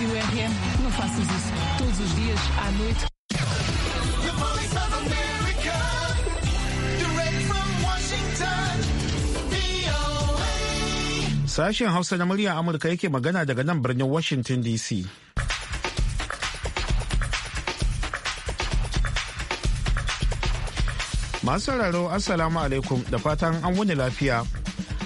Rádio RM. Não faças isso. Todos os dias, à noite. Sashen Hausa na murya Amurka yake magana daga nan birnin Washington DC. Masu sauraro Assalamu alaikum da fatan an wuni lafiya.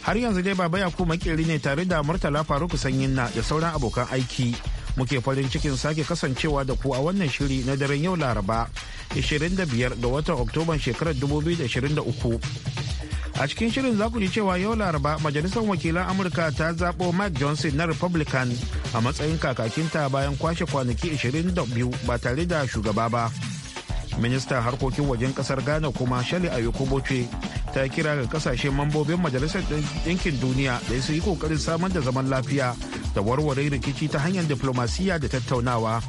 Har yanzu dai baba ku makeri ne tare da Murtala Faruku Sanyin na da sauran abokan aiki. muke farin cikin sake kasancewa da ku a wannan shiri na daren yau laraba 25 ga watan oktoban shekarar 2023 a cikin shirin za ku ji cewa yau laraba majalisar wakilan amurka ta zaɓo mike johnson na republican a matsayin kakakinta bayan kwashe kwanaki 22 ba tare da shugaba ba ministan harkokin wajen kasar ghana kuma shali ayokoboce ta kira ga kasashen mambobin majalisar ɗinkin duniya da su yi kokarin samar da zaman lafiya da warware rikici ta hanyar diplomasiya da tattaunawa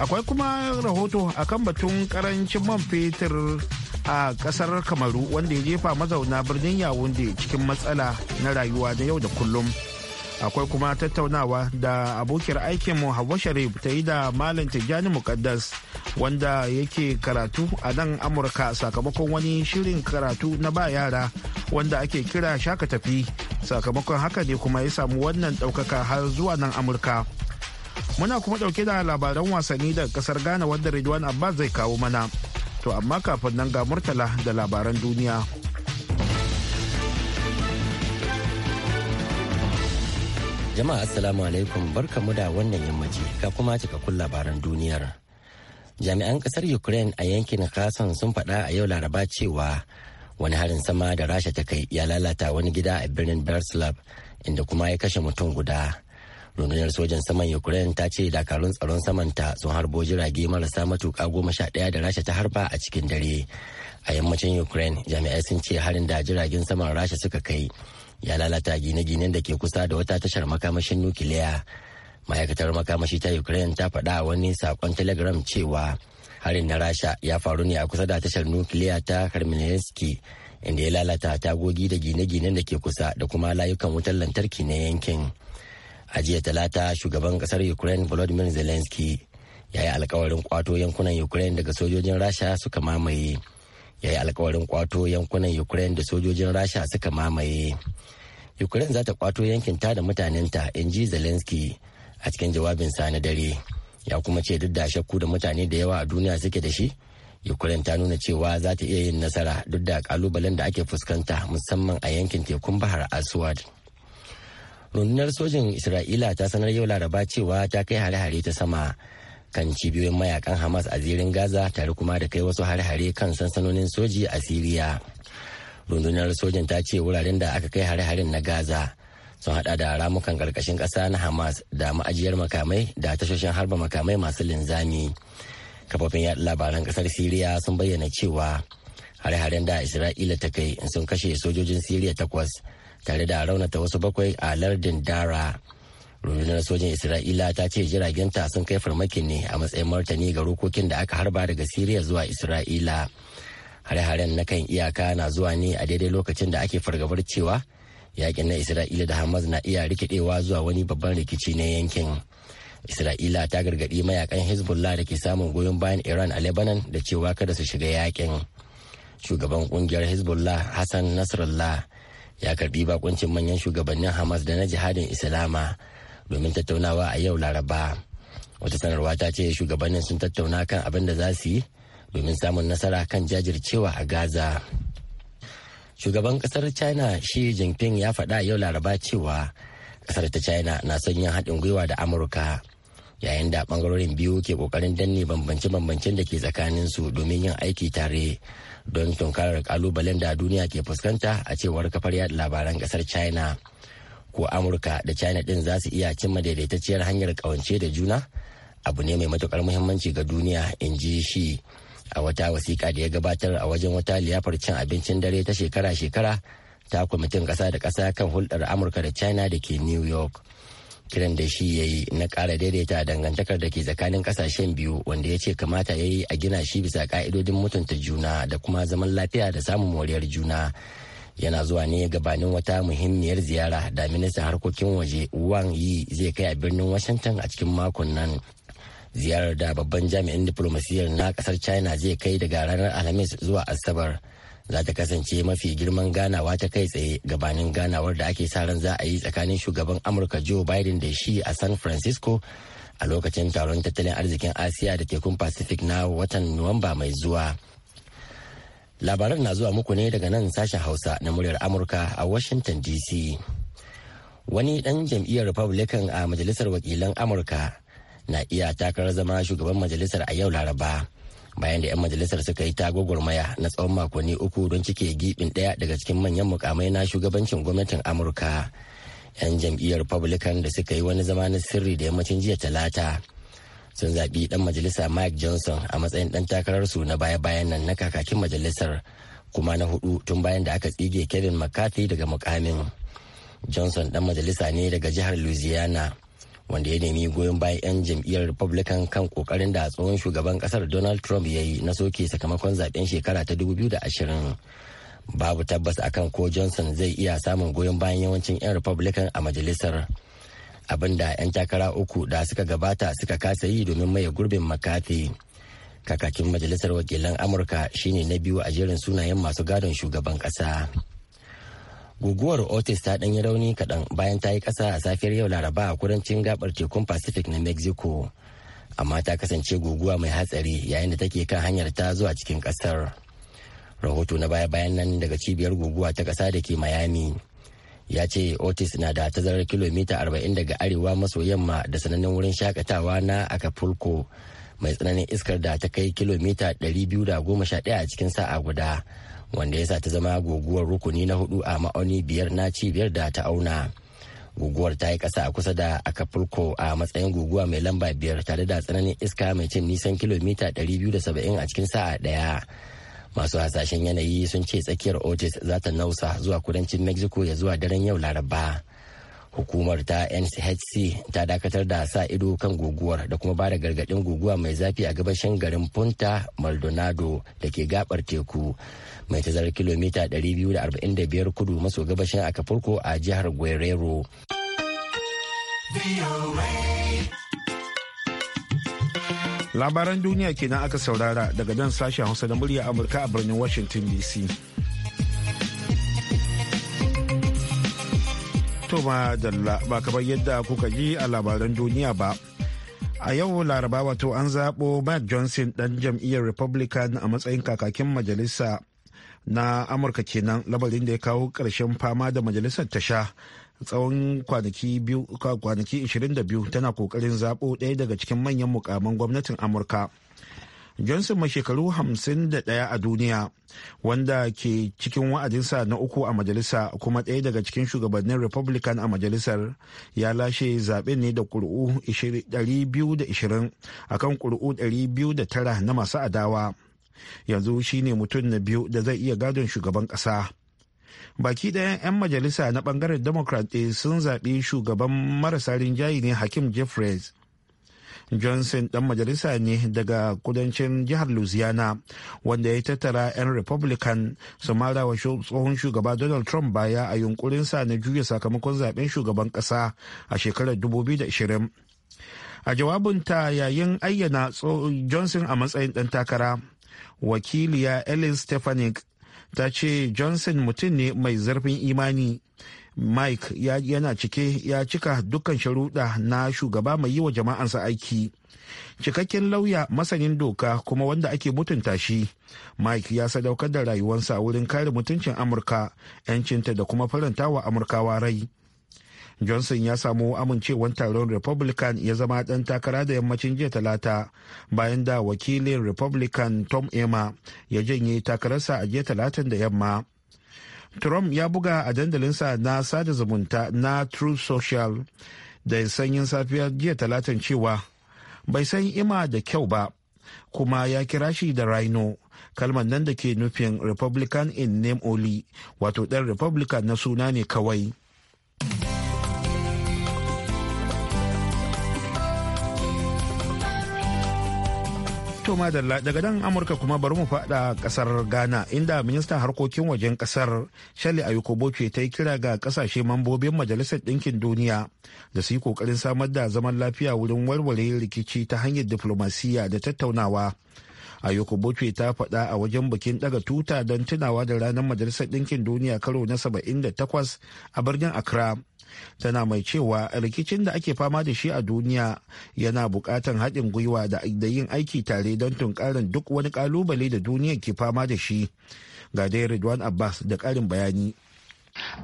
akwai kuma rahoto a kan batun karancin man fetur a kasar kamaru wanda ya jefa mazauna birnin yawunde cikin matsala na rayuwa da yau da kullum. akwai kuma tattaunawa da abokiyar aikinmu hawa sharif ta yi da malam tijjani mukaddas wanda yake karatu a nan amurka sakamakon wani shirin karatu na ba yara wanda ake kira shaka tafi sakamakon haka ne kuma ya samu wannan ɗaukaka har zuwa nan amurka muna kuma ɗauke da labaran wasanni daga ƙasar ghana wanda ridwan abbas zai kawo mana to amma kafin nan ga murtala da labaran duniya. Jama'a Assalamu alaikum barkamu da wannan yammaci ka kuma cikakkun labaran duniyar. Jami'an kasar Ukraine a yankin kasan sun faɗa a yau Laraba cewa wani harin sama da Rasha ta kai ya lalata wani gida a birnin Berslav inda kuma ya kashe mutum guda. Rundunar sojan saman Ukraine ta ce dakarun tsaron samanta sun harbo jirage marasa matuƙa goma sha ɗaya da Rasha ta harba a cikin dare. A yammacin Ukraine jami'ai sun ce harin da jiragen saman Rasha suka kai ya lalata gine-ginen da ke kusa da wata tashar makamashin nukiliya ma'aikatar makamashi ta ukraine ta faɗa wani saƙon telegram cewa harin na rasha ya faru ne a kusa da tashar nukiliya ta kremlinski inda ya lalata tagogi da gine-ginen da ke kusa da kuma layukan wutar lantarki na yankin a jiya talata shugaban kasar ukraine volodymyr zelensky ya yi alkawarin kwato yankunan ukraine daga sojojin rasha suka mamaye ya yi alkawarin kwato yankunan ukraine da sojojin rasha suka mamaye ukraine za ta kwato yankin ta da mutanenta in ji zelensky a cikin jawabinsa na dare ya kuma ce duk da shakku da mutane da yawa a duniya suke da shi ukraine ta nuna cewa za ta iya yin nasara duk da kalubalen da ake fuskanta musamman a yankin tekun bahar aswad rundunar sojin isra'ila ta sanar yau laraba cewa ta kai hare-hare ta sama kan cibiyoyin mayakan hamas a zirin gaza tare kuma da kai wasu hare-hare kan sansanonin soji a siriya rundunar sojin ta ce wuraren da aka kai hare-haren na gaza sun hada da ramukan karkashin kasa na hamas da ma'ajiyar makamai da tashoshin harba makamai masu linzami kafofin yaɗa labaran kasar siriya sun bayyana cewa hare-haren da isra'ila ta kai sun kashe sojojin siriya takwas tare da raunata wasu bakwai a lardin dara rundunar sojin isra'ila ta ce jiragenta sun kai farmakin ne a matsayin martani ga rokokin da aka harba daga siriya zuwa isra'ila hare-haren na kan iyaka na zuwa ne a daidai lokacin da ake fargabar cewa yakin na isra'ila da hamas na iya rikidewa zuwa wani babban rikici na yankin isra'ila ta gargaɗi mayakan hezbollah da ke samun goyon bayan iran a lebanon da cewa kada su shiga yakin shugaban kungiyar hezbollah hassan nasrallah ya karbi bakuncin manyan shugabannin hamas da na jihadin islama domin tattaunawa a yau laraba wata sanarwa ta ce shugabannin sun tattauna kan abin da za su yi domin samun nasara kan jajircewa a gaza shugaban kasar china shi jinping ya faɗa yau laraba cewa kasar ta china na son yin haɗin gwiwa da amurka yayin da ɓangarorin biyu ke ƙoƙarin danne bambance-bambancen da ke tsakanin su domin yin aiki tare don tunkarar kalubalen da duniya ke fuskanta a cewar kafar yada labaran kasar china ko amurka da china din za su iya cimma daidaitacciyar hanyar kawance da juna abu ne mai matukar muhimmanci ga duniya in ji shi a wata wasiƙa da ya gabatar a wajen wata liyafar cin abincin dare ta shekara-shekara ta kwamitin ƙasa da ƙasa kan hulɗar amurka da china da ke new york kiran da shi ya yi na ƙara daidaita dangantakar da ke tsakanin ƙasashen biyu wanda ya ce kamata ya yi a gina shi bisa ƙa'idodin mutunta juna da kuma zaman lafiya da samun moriyar juna yana zuwa ne gabanin wata muhimmiyar ziyara da ministan harkokin waje wang yi zai kai a birnin washington a cikin makon nan ziyarar da babban jami'in diplomasiyyar na kasar china zai kai daga ranar alhamis zuwa asabar za ta kasance mafi girman ganawa ta kai tsaye gabanin ganawar da ake sa ran za a yi tsakanin shugaban amurka joe biden da shi a san francisco a lokacin taron tattalin arzikin asiya da tekun pacific na watan nuwamba mai zuwa. labaran na zuwa muku ne daga nan sashen hausa na muryar amurka a washington dc wani dan jam'iyyar republican a majalisar wakilan amurka na iya takarar zama shugaban majalisar a yau laraba bayan da 'yan majalisar suka yi tagogormaya na tsawon makonni uku don cike gibin daya daga cikin manyan mukamai na shugabancin gwamnatin amurka 'yan jam'iyyar republican da suka yi wani zama na sirri da yammacin jiya talata sun zaɓi ɗan majalisa mike johnson a matsayin ɗan takararsu na baya-bayan nan na kakakin majalisar kuma na hudu tun bayan da aka tsige kevin mccarthy daga mukamin johnson ɗan majalisa ne daga jihar louisiana wanda ya nemi goyon bayan 'yan jam'iyyar republican kan kokarin da tsohon shugaban kasar donald trump ya yi na soke sakamakon zaben shekara ta 2020 babu tabbas akan ko johnson zai iya samun goyon bayan yawancin 'yan republican a majalisar abinda 'yan takara uku da suka gabata suka kasa yi domin maye gurbin makafi kakakin majalisar wakilan amurka shine na biyu a jerin sunayen masu gadon shugaban kasa guguwar otis ta ɗanyi rauni kaɗan bayan ta yi ƙasa a safiyar yau laraba a kudancin gabar tekun pacific na mexico amma ta kasance guguwa mai hatsari yayin da take kan hanyar ta zuwa cikin ƙasar rahoto na baya-bayan nan daga cibiyar guguwa ta ƙasa da ke miami ya ce otis na da tazarar kilomita 40 daga arewa maso yamma da sanannen wurin shakatawa na acapulco mai tsananin iskar da ta kai kilomita 211 a cikin sa'a guda wanda ya sa ta zama guguwar rukuni na hudu a ma'auni biyar na cibiyar da ta auna guguwar ta yi kasa a kusa da acapulco a matsayin guguwa mai lamba biyar tare da tsananin iska mai cin nisan kilomita 270 a cikin sa'a daya masu hasashen yanayi sun ce tsakiyar otis za ta nausa zuwa kudancin mexico ya zuwa daren yau laraba hukumar ta nchc ta dakatar da sa ido kan guguwar da kuma ba da gargaɗin guguwa mai zafi a gabashin garin punta maldonado da ke gabar teku mai tazarar kilomita 245 kudu maso gabashin acapulco a jihar guerrero labaran duniya kenan aka saurara daga nan sashen hausa da murya amurka a birnin washington dc toma dalla ba kamar yadda kuka ji a labaran duniya ba a yau laraba wato an zaɓo matt johnson ɗan jam'iyyar republican a matsayin kakakin majalisa na amurka kenan labarin da ya kawo ƙarshen fama da majalisar ta sha tsawon kwanaki biyu kwanaki 22 tana kokarin zaɓo ɗaya daga cikin manyan mukaman gwamnatin amurka johnson mai shekaru 51 a duniya wanda ke cikin wa'adinsa na uku a majalisa kuma ɗaya daga cikin shugabannin republican a majalisar ya lashe zaɓen ne da ƙuri'u 220 kan ƙuri'u 209 na masu adawa yanzu shine mutum na biyu da zai iya gadon shugaban ƙasa baki daya 'yan majalisa na bangaren democrat ɗin sun zaɓi shugaban marasa rinjaye ne hakim jeffries johnson ɗan majalisa ne daga kudancin jihar louisiana wanda ya tattara 'yan republican su mara wa tsohon shugaba donald trump baya a yunkurinsa na juya sakamakon zaben shugaban kasa a shekarar 2020 a jawabinta yayin ayyana johnson a matsayin dan takara wakiliya ellen stefanik ta ce johnson mutum ne mai zarfin imani mike yana cike ya cika dukkan sharuɗa na shugaba mai yi wa jama'ansa aiki cikakken lauya masanin doka kuma wanda ake mutunta shi mike ya sadaukar da rayuwarsa wurin kare mutuncin amurka 'yancinta da kuma faranta wa amurkawa rai johnson ya samu amincewar taron republican ya zama ɗan takara da yammacin jiya talata bayan da wakilin republican tom emma ya janye takararsa a jiya talatin da yamma trump ya buga a dandalinsa na sada zumunta na true social da sanyin safiyar jiya talatin cewa bai san ima da kyau ba kuma ya kira shi da rhino kalmar nan da ke nufin republican in name only wato ɗan republican na suna ne kawai To madalla daga nan Amurka kuma bari mu faɗa ƙasar Ghana inda ministan harkokin wajen ƙasar Shali Ayuko ta yi kira ga ƙasashe mambobin Majalisar Ɗinkin Duniya da su yi ƙoƙarin samar da zaman lafiya wurin warware rikici ta hanyar diflomasiyya da tattaunawa. Ayuko ta faɗa a wajen bikin ɗaga tuta don tunawa da ranar Majalisar Ɗinkin Duniya karo na 78 a birnin Accra. tana mai cewa rikicin da ake fama da shi a duniya yana buƙatar haɗin gwiwa da yin aiki tare don tunkarin duk wani ƙalubale da duniya ke fama da shi ga dai Ridwan Abbas da ƙarin bayani.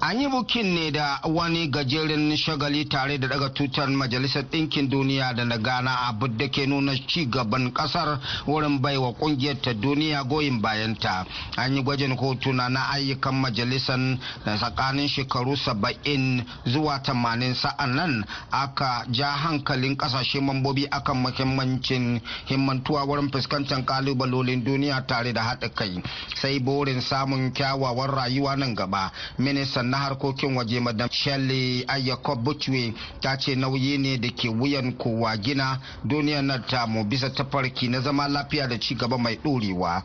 An yi bukin ne da wani gajeren shagali tare da daga tutar Majalisar Ɗinkin Duniya da na Ghana abu da ke nuna ci gaban ƙasar wurin baiwa ƙungiyar ta duniya goyin bayanta. An yi gwajin hotuna na ayyukan majalisar da tsakanin shekaru saba'in zuwa tamanin sa'an nan aka ja hankalin ƙasashe mambobi akan muhimmancin himmantuwa wurin fuskantar ƙalubalolin duniya tare da haɗa kai. Sai burin samun kyawawan rayuwa nan gaba. ministan na harkokin waje madam shelley ayyakob butchwe ta ce nauyi ne da ke wuyan kowa gina duniyar na tamu bisa tafarki na zama lafiya da ci gaba mai ɗorewa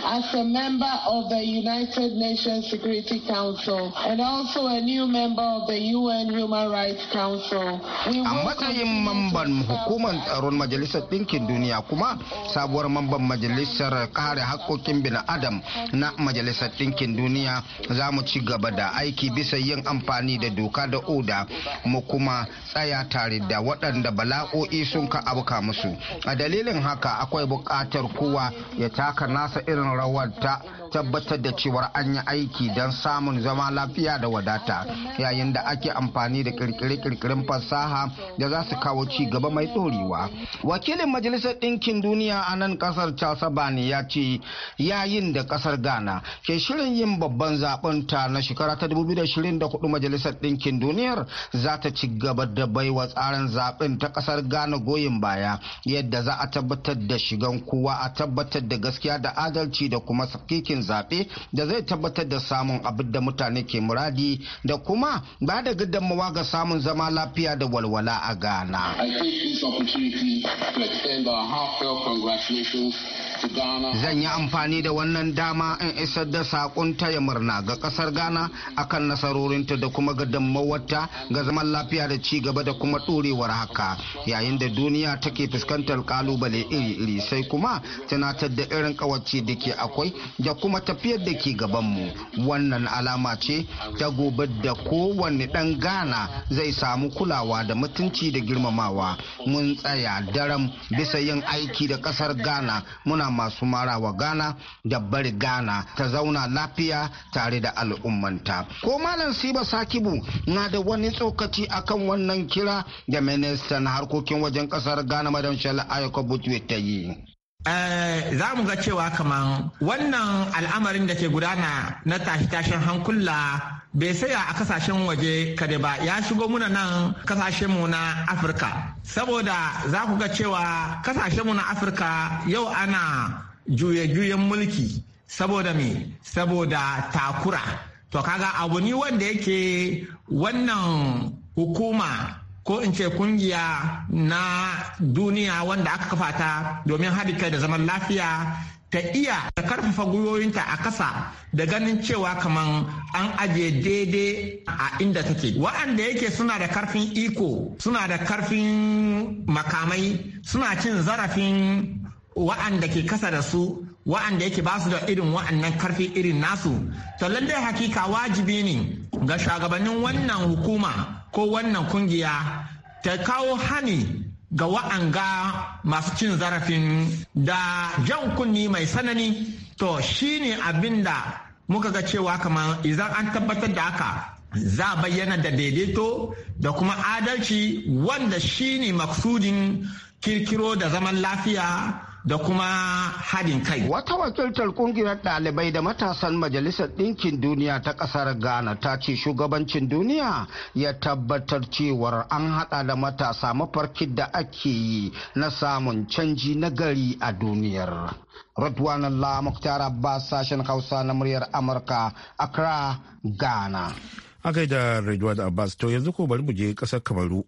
As a member of the United Nations Security Council and also a new member of the UN Human Rights Council, a matsayin mamban hukumar tsaron Majalisar Ɗinkin Duniya kuma sabuwar mamban Majalisar Kare Haƙƙoƙin adam na Majalisar Ɗinkin Duniya za mu ci gaba da aiki bisa yin amfani da doka da oda mu kuma tsaya tare da waɗanda bala'o'i sun ka abuka musu. A dalilin haka akwai buƙatar kowa ya taka nasa irin rawar ta tabbatar da cewar an yi aiki don samun zama lafiya da wadata yayin da ake amfani da kirkire-kirkiren fasaha da za su kawo ci gaba mai ɗorewa. Wakilin Majalisar Ɗinkin Duniya a nan ƙasar Chasabani ya ce yayin da kasar Ghana ke shirin yin babban zaben ta na shekara ta 2024 Majalisar Ɗinkin Duniyar za ta ci gaba da baiwa tsarin zaben ta ƙasar Ghana goyin baya yadda za a tabbatar da shigan kowa a tabbatar da gaskiya da adalci da kuma sakikin zaɓe da zai tabbatar da samun abin da mutane ke muradi da kuma ba da gudunmawa ga samun zama lafiya da walwala a Ghana. I take this opportunity to extend our heartfelt congratulations Zan yi amfani da wannan dama in isar da saƙon taya murna ga ƙasar Ghana akan nasarorinta da kuma gadammawarta ga zaman lafiya da ci gaba da kuma ɗorewar haka yayin da duniya take fuskantar kalubale iri-iri sai kuma tunatar da irin kawace da ke akwai da kuma tafiyar da ke gabanmu wannan alama ce ta gobe da kowanne ɗan Ghana zai samu kulawa da mutunci da girmamawa mun tsaya daram bisa yin aiki da ƙasar Ghana muna suna masu mara wa ghana da bari ghana ta zauna lafiya tare da al'ummanta ko malam siba sakibu na da wani tsokaci akan wannan kira da ministan harkokin wajen kasar ghana madan shala ayako butwe ta yi eh, za mu ga cewa kaman wannan al'amarin da ke gudana na tashi tashen hankula bai saya a kasashen waje kada ba ya shigo muna nan mu na afirka saboda za ku ga cewa mu na afirka yau ana juye-juyen mulki saboda me saboda takura to kaga abu ni wanda yake wannan hukuma ko in ce kungiya na duniya wanda aka kafa ta domin haɗi kai da zaman lafiya ta iya ta karfafa gwiwoyinta a kasa da ganin cewa kamar an ajiye daidai a inda take wa'anda yake suna da karfin iko suna da karfin makamai suna cin zarafin wa'anda ke kasa da su wa'anda yake ba su da irin wa'annan karfi irin nasu to lallai hakika wajibi ne ga shugabannin wannan hukuma ko wannan kungiya ta kawo hani ga wa'anga masu cin zarafin da jan kunni mai sanani to shine abin da muka ga cewa kamar idan an tabbatar da haka za bayyana da daidaito da kuma adalci wanda shine maksudin kirkiro da zaman lafiya da kuma hadin kai. Wata wakiltar kungiyar ɗalibai da matasan Majalisar Ɗinkin Duniya ta ƙasar Ghana ta ce shugabancin duniya ya tabbatar cewar an haɗa da matasa mafarkin da ake yi na samun canji na gari a duniyar. Radwanan La Abbas sashen Hausa na muryar Amurka, Accra, Ghana. A gaida Radwan Abbas to yanzu ko bari mu je ƙasar Kamaru.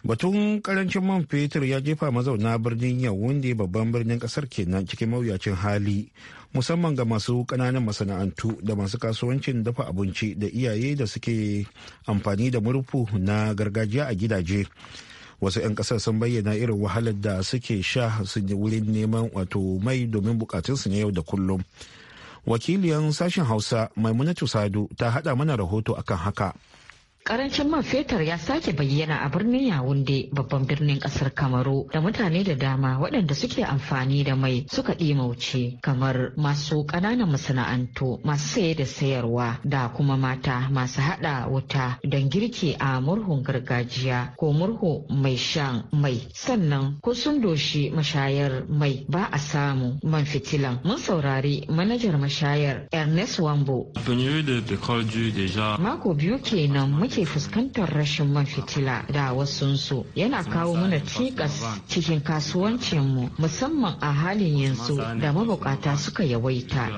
batun karancin man fetur ya jefa mazauna birnin yawunde babban birnin kasar kenan cikin mawuyacin hali musamman ga masu kananan masana'antu da masu kasuwancin dafa abinci da iyaye da suke amfani da murfu na gargajiya a gidaje wasu 'yan kasar sun bayyana irin wahalar da suke sha su wurin neman wato mai domin bukatunsu na yau da kullum wakiliyan sashen hausa maimunatu sadu ta hada mana rahoto akan haka Karancin man fetur ya sake bayyana a birnin Yawunde babban birnin kasar Kamaru da mutane da dama waɗanda suke amfani da mai suka ɗimauce kamar masu ƙananan masana'antu masu saye da sayarwa da kuma mata masu haɗa wuta don girki a murhun gargajiya ko murhu mai shan mai sannan ko sun doshi mashayar mai ba a samu man fitilan mun saurari manajar mashayar Ernest Wambo. Mako biyu kenan muke fuskantar rashin man fitila da wasunsu yana kawo mana cikas cikin kasuwancinmu musamman a halin yanzu da mabukata suka yawaita.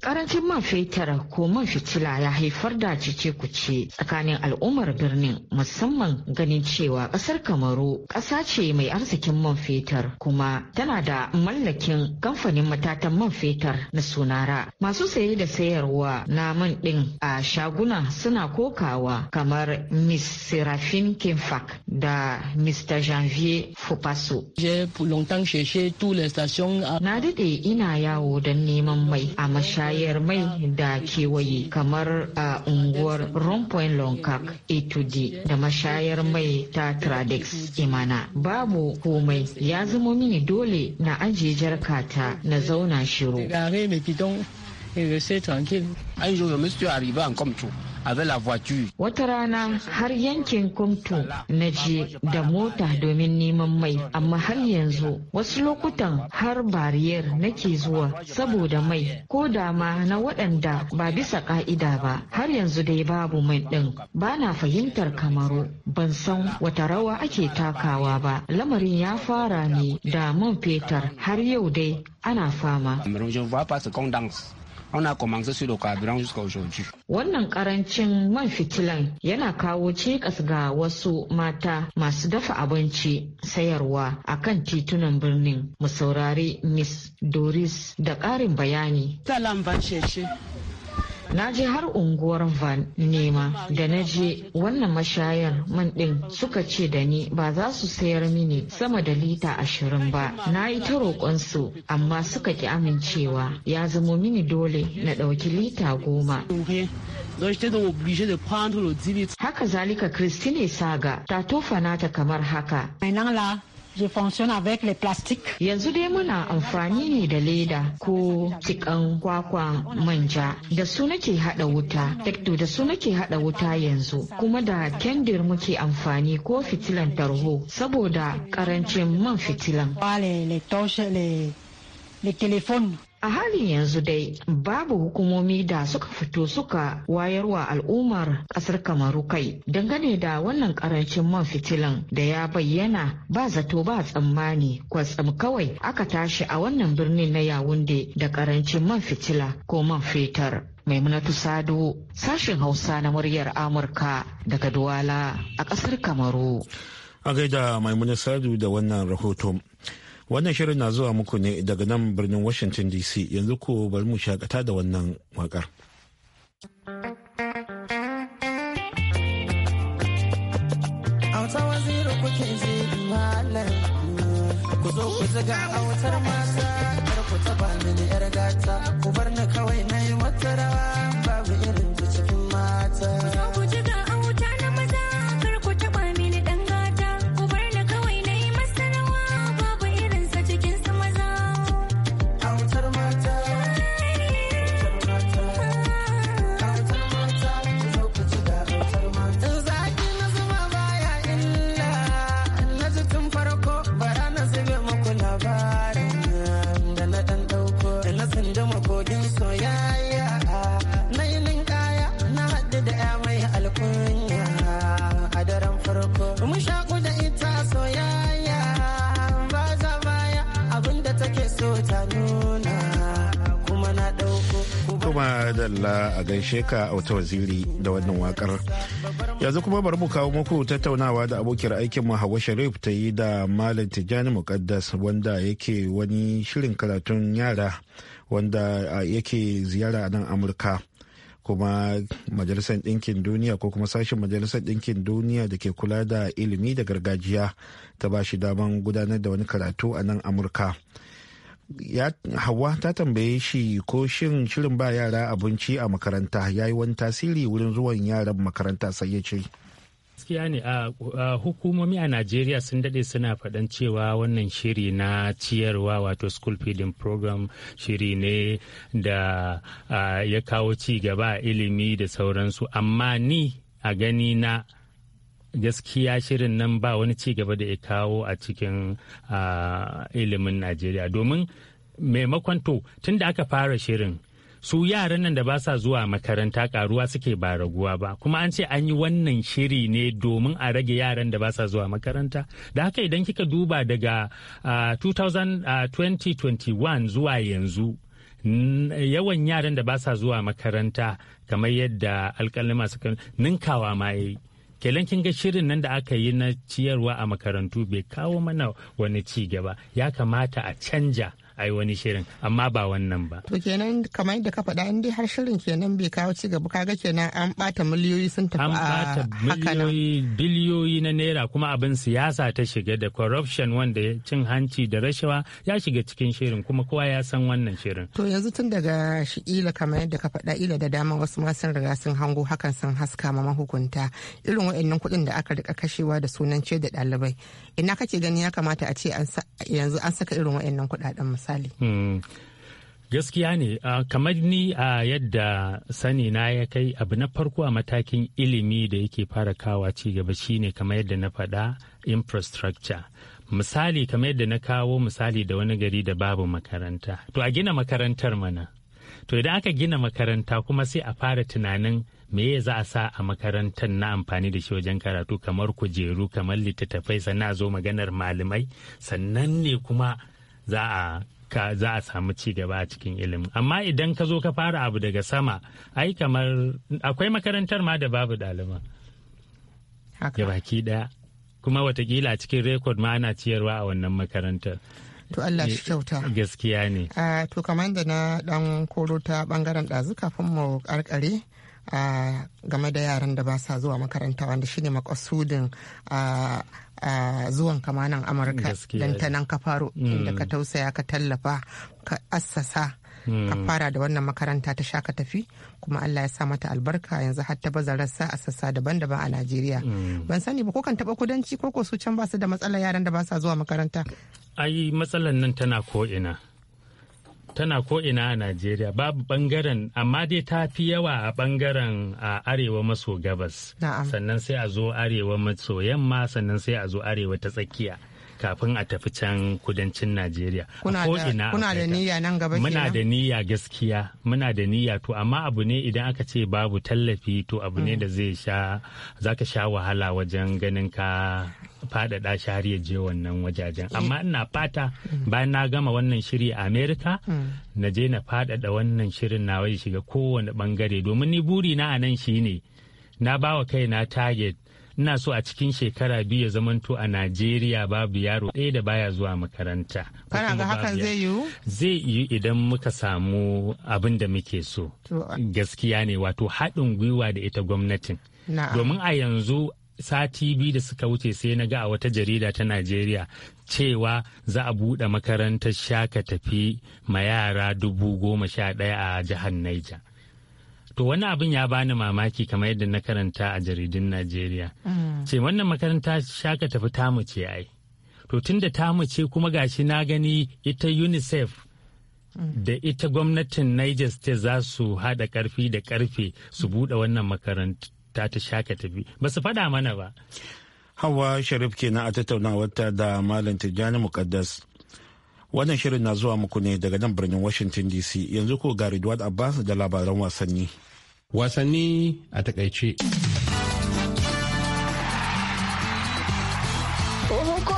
Karancin man fetur ko man fitila ya haifar da cece kuce tsakanin al'ummar birnin musamman ganin cewa ƙasar Kamaru ƙasa ce mai arzikin man fetur kuma tana da mallakin kamfanin matatan man fetur na Sunara. Masu saye da sayarwa na man ɗin a shaguna suna kokawa kamar Miss Serafin Kinfak da Mr. Janvier Fupaso. Na daɗe ina yawo don neman mai a masha rayuwar mai da kewaye kamar a unguwar rumpoin lonkak etudi da mashayar mai ta tradex imana babu komai ya zama mini dole na ajiye jarkata na zauna shiru. Wata rana har yankin Kumtu na je da mota domin neman mai, amma har yanzu wasu lokutan har bariyar nake zuwa saboda mai ko dama na waɗanda ba bisa ka'ida ba har yanzu dai babu mai ɗin. Ba na fahimtar kamaru, ban san wata rawa ake takawa ba. Lamarin ya fara ne da man fetur har yau dai ana fama. On a commencé sur le carburant jusqu'à aujourd'hui. Wannan karancin man fitilan yana kawo cikas ga wasu mata masu dafa abinci sayarwa a kan titunan birnin. Mu saurari Miss Doris da ƙarin bayani. Ta lambar sheshe. na je har unguwar van nema da na je wannan mashayar man ɗin suka ce da ni ba za su sayar mini sama da lita ashirin ba na yi ta roƙonsu amma suka ki amincewa ya zamo mini dole na ɗauki lita goma haka zalika christine saga ta tofa nata kamar haka je fonctionne avec le plastiques. Yanzu dai muna amfani ne da leda ko tikan kwakwa manja da su nake hada wuta. Tekto da su nake hada wuta yanzu kuma da kendir muke amfani ko fitilan tarho saboda karancin man fitilan. Le, A halin yanzu dai babu hukumomi da suka fito suka wayarwa al'ummar kasar Kamaru kai dangane da wannan karancin man fitilan da ya bayyana ba zato ba tsammani kwatsam kawai aka tashi a wannan birnin na Yawunde da karancin man fitila ko man fetur. Maimunatu Sado sashen Hausa na muryar Amurka daga Duwala a kasar Kamaru. A gaida Maimunatu Sado da wannan rahoton. Wannan shirin na zuwa muku ne daga nan birnin Washington DC yanzu ko bari mu shakata da wannan waƙar. je ku a mata kar ku mini yargata ku bar ni kawai na yi wata rawa babu irin cikin mata. Dalla a gaishe ka a wata waziri da wannan wakar yanzu kuma bari mu kawo muku tattaunawa da abokiyar aikin mu hawa sharif ta yi da malam tijjani muqaddas wanda yake wani shirin karatun yara wanda yake ziyara a nan amurka kuma majalisar ɗinkin duniya ko kuma sashen majalisar ɗinkin duniya da ke kula da ilimi da gargajiya ta ba shi daman gudanar da wani karatu a nan amurka hawa ta tambaye shi ko shin shirin ba yara abinci a makaranta ya yi wani tasiri wurin zuwan yaran makaranta sai ya ce gaskiya ne a hukumomi a najeriya sun dade suna faɗan cewa wannan shiri na ciyarwa wato school feeding program shiri ne da ya kawo ci gaba ilimi da sauransu amma ni a gani na gaskiya shirin nan ba wani ci gaba da ya kawo a cikin ilimin najeriya domin maimakon to tun aka fara shirin su yaran nan da ba sa zuwa makaranta karuwa suke ba raguwa ba kuma an ce an yi wannan shiri ne domin a rage yaran da ba sa zuwa makaranta da haka idan kika duba daga 2021 zuwa yanzu yawan yaran da ba sa zuwa makaranta kamar yadda alkalima suka ninkawa ma yi kelen kin ga shirin nan da aka yi na ciyarwa a makarantu bai kawo mana wani ci gaba ya kamata a canja a yi wani shirin amma ba wannan ba. To kenan kamar yadda ka faɗa in dai har shirin kenan bai kawo ci gaba kaga kenan an ɓata miliyoyi sun tafi a hakanan. An ɓata miliyoyi biliyoyi na naira kuma abin siyasa ta shiga da corruption wanda cin hanci da rashawa ya shiga cikin shirin kuma kowa ya san wannan shirin. To yanzu tun daga shi ila kamar yadda ka faɗa ila da dama wasu ma sun riga sun hango hakan sun haska ma mahukunta irin wa'annan kuɗin da aka rika kashewa da sunan ce da ɗalibai ina kake gani ya kamata a ce yanzu an saka irin wa'annan kuɗaɗen musamman. misali hmm. gaskiya ne kamar ni a yadda sani na ya kai abu na farko a matakin ilimi da yake fara kawa ci gaba ne kamar yadda na faɗa infrastructure misali kamar yadda na kawo misali da wani gari da babu makaranta to a gina makarantar mana to idan aka gina makaranta kuma sai a fara tunanin me za a sa a makarantar na amfani da shi wajen karatu kamar kujeru kamar littattafai sannan a zo maganar malamai sannan ne kuma za a ka za a samu ci gaba a cikin ilimi amma idan ka zo ka fara abu daga sama ai kamar akwai makarantar ma da babu ɗaliban ga baki ɗaya kuma watakila cikin rekod ma ana ciyarwa a wannan makarantar to Allah shi eh, kyauta gaskiya ne to kamar da na dan koro ta bangaren ɗazu kafin mu karkare game da yaran da ba sa zuwa makaranta wanda shine makasudin Uh, zuwan kamanan amurka don ta nan ka faro mm. inda ka tausaya ka tallafa ka assasa ka mm. fara da wannan makaranta ta sha ka tafi kuma Allah ya sa mata albarka yanzu har ta baza rassa a sassa daban-daban a Najeriya mm. ban sani ba ko kan taba kudanci ko ko su can ba su da matsalar yaran da ba sa zuwa makaranta ai matsalar nan tana ko ina tana ko'ina a Najeriya babu bangaren amma dai ta fi yawa a bangaren a arewa maso gabas sannan sai a zo arewa maso yamma sannan sai a zo arewa ta tsakiya. kafin a tafi can kudancin najeriya kuna da niyya nan gaba muna da niyya gaskiya muna da niyya to amma abu ne idan aka ce babu tallafi to abu ne mm. da zai sha za ka sha wahala wajen ganin ka faɗaɗa shi ya je wannan wajajen eh. amma ina fata mm. bayan na gama wannan shiri a amerika mm. na je na faɗaɗa wannan shirin nawa ya shiga kowane ɓangare. domin ni buri na a nan shine na bawa kaina target ina so a cikin shekara biyu ya zamanto a najeriya babu yaro ɗaya da baya zuwa makaranta kana ga hakan zai yiwu zai yiwu idan muka samu abin da muke so gaskiya ne wato haɗin gwiwa da ita gwamnatin domin a yanzu sati biyu da suka wuce sai na ga a wata jarida ta Najeriya cewa za a buɗe makarantar shaka tafi ma yara dubu goma sha ɗaya a jihar Niger. To wani abin ya bani mamaki kamar yadda na karanta a jaridun Najeriya. Ce mm. wannan makaranta shaka tafi tamu ce ai. To tun da tamu ce kuma gashi na gani ita UNICEF mm. da ita gwamnatin Niger State za su haɗa ƙarfi da ƙarfe su buɗe wannan makaranta ta shaka tafi. Ba su faɗa mana ba. Hawa Sharif kenan a tattaunawar da Malam Tijjani Muqaddas. Wannan shirin na zuwa muku ne daga nan birnin Washington DC yanzu ko ga Ridwan Abbas da labaran wasanni. Wasanni a takaice.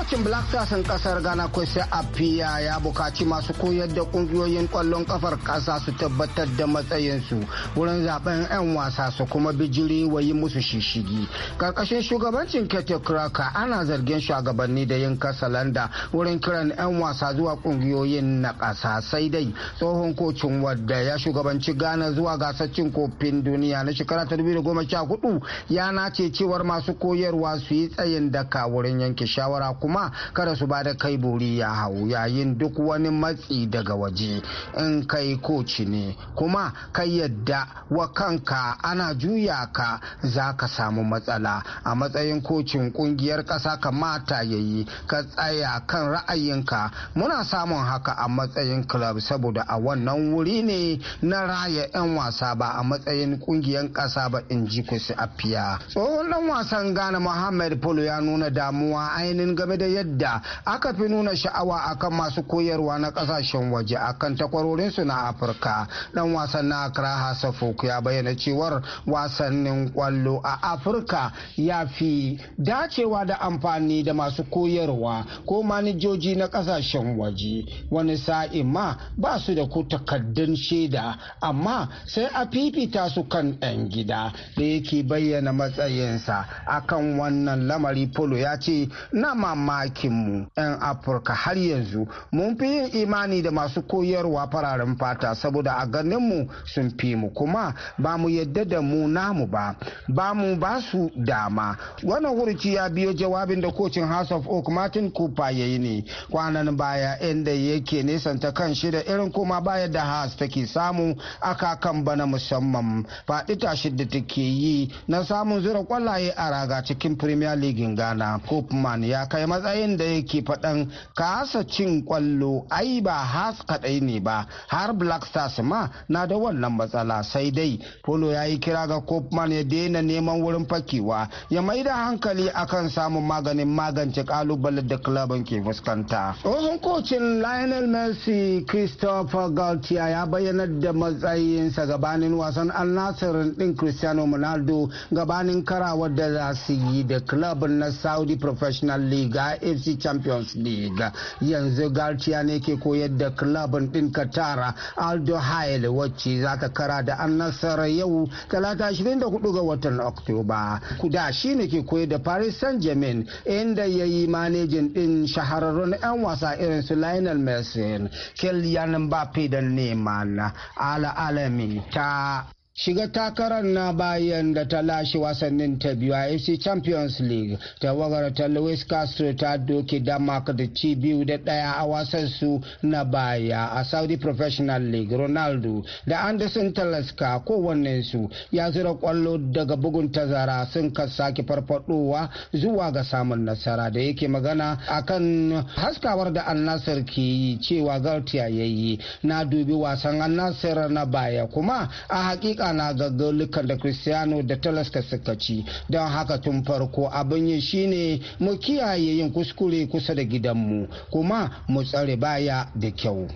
Kocin Black Stars ɗin ƙasar Ghana Kwesi Apia ya bukaci masu koyar da ƙungiyoyin ƙwallon ƙafar ƙasa su tabbatar da matsayinsu wurin zaben 'yan wasa su kuma bijiri wa yi musu shishigi. Karkashin shugabancin Kete Kraka ana zargin shugabanni da yin kasalanda wurin kiran 'yan wasa zuwa ƙungiyoyin na ƙasa sai dai tsohon kocin wadda ya shugabanci Ghana zuwa gasar kofin duniya na shekara ta 2014 ya nace cewar masu koyarwa su yi tsayin daka wurin yanke shawara kuma kuma kada su ba da kai bori ya hau yayin duk wani matsi daga waje in kai koci ne kuma kai yadda wa kanka ana juya ka za ka samu matsala a matsayin kocin kungiyar ƙasa kamata ya yi ka tsaya kan ra'ayinka muna samun haka a matsayin club saboda a wannan wuri ne na raya 'yan wasa ba a matsayin kungiyar ƙasa ba in ji ku su afiya tsohon dan wasan ghana muhammad polo ya nuna damuwa ainihin game da yadda aka fi nuna sha'awa akan masu koyarwa na kasashen waje akan takwarorinsu na afirka dan wasan na accra hasafok ya bayyana cewar wasannin kwallo a afirka ya fi dacewa da amfani da masu koyarwa ko manijoji na kasashen waje wani sai ma ba su da ku takaddun shaida amma sai a fifita su kan 'yan gida da yake bayyana matsayinsa akan wannan lamari polo ya ce na mama mamakinmu 'yan afirka har yanzu mun fi yin imani da masu koyarwa fararen fata saboda a ganinmu sun fi mu kuma ba mu yadda da mu namu ba ba mu ba su dama wannan hurci ya biyo jawabin da kocin house of oak martin cooper ya yi ne kwanan baya inda yake ta kan shi da irin kuma baya da house take samu aka kan bana musamman faɗi tashi da take yi na samun zura kwallaye a raga cikin premier league ghana cooperman ya kai matsa matsayin da yake faɗan kasa cin kwallo ai ba has kaɗai ne ba har black stars ma na da wannan matsala sai dai polo ya yi kira ga kofman ya daina neman wurin fakewa ya mai da hankali akan samun maganin magance kalubalen da klabin ke fuskanta tsohon kocin lionel messi christopher galtier ya bayyana da matsayinsa gabanin wasan al-nassr din cristiano ronaldo gabanin karawar da za su yi da klabin na saudi professional league afc champions league yanzu galtier ne ke koyar da klabin din katara aldo hail wacce za ta kara da annasar yau talata 24 ga watan oktoba kuda shi ne ke koyar da paris saint germain inda ya yi manejin din shahararrun 'yan wasa irin su lionel messi kylian mbappe da neman ala alamin ta shiga takarar na bayan da ta lashe wasannin ta biyu a FC Champions League ta tawagar ta Luis Castro ta doke Denmark da ci biyu da ɗaya a wasan su na baya a Saudi Professional League Ronaldo da Anderson Talaska kowanne su ya zira kwallo daga bugun tazara sun ka sake farfadowa zuwa ga samun nasara da yake magana akan haskawar da Al-Nassr ke yi cewa Galtia yayi na dubi wasan Al-Nassr na baya kuma a hakika na zazzolukan da Cristiano da Talaska suka ci don haka tun farko abin yi shine mu kiyaye yin kuskure kusa da gidanmu kuma mu tsare baya da kyau.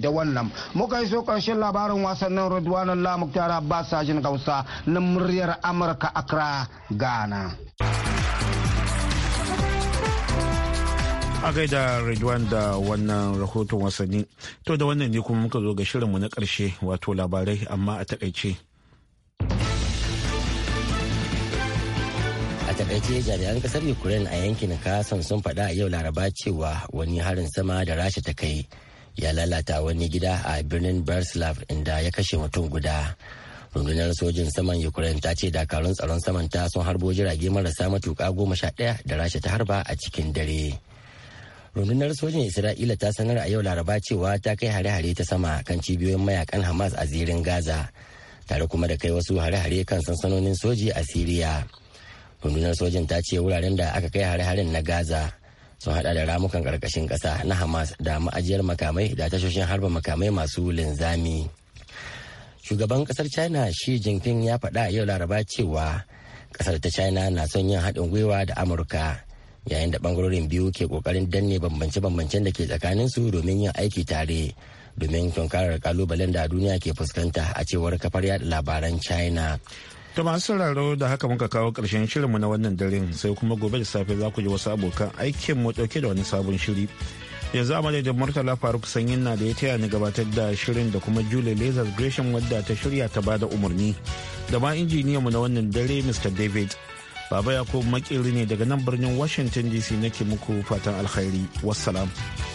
da wannan muka iso karshen labarin wasannin Ridwanan Lamuktar ba Sajin Gausa na muryar Amurka Accra, Ghana. a gaida Ridwan da wannan rahoton wasanni to da wannan ne kuma muka zo ga shirinmu na karshe wato labarai amma a takaice. a takaice jami'an kasar ukraine a yankin kasan sun faɗa a yau laraba cewa wani harin sama da rasha ta kai ya lalata wani gida a birnin berslav inda ya kashe mutum guda rundunar sojin saman ukraine ta ce dakarun tsaron saman ta sun harbo jirage marasa matuka goma sha ɗaya da rasha ta harba a cikin dare rundunar sojin isra'ila ta sanar a yau laraba cewa ta kai hare-hare ta sama kan cibiyoyin mayakan hamas a zirin gaza tare kuma da kai wasu hare-hare kan sansanonin soji a siriya rundunar sojin ta ce wuraren da aka kai hare-haren na gaza sun hada da ramukan karkashin kasa na hamas da ma'ajiyar makamai da tashoshin harba makamai masu linzami shugaban kasar china shi jinping ya faɗa yau laraba cewa kasar ta china na son yin haɗin gwiwa da amurka yayin da bangarorin biyu ke kokarin danne bambance-bambancen da ke tsakanin su domin yin aiki tare domin tunkarar kalubalen da duniya ke fuskanta a cewar kafar yada labaran china ta masu sauraro da haka muka kawo ƙarshen shirinmu na wannan daren sai kuma gobe da safe za ku ji wasu abokan aikin mu ɗauke da wani sabon shiri. Yanzu a madadin Murtala Faruk Sanyin na da ya taya ni gabatar da shirin da kuma Julie Lazar Gresham wadda ta shirya ta bada umarni. Da ma mu na wannan dare Mr. David. Baba Yakubu makeri ne daga nan birnin Washington DC nake muku fatan alkhairi. Wassalam.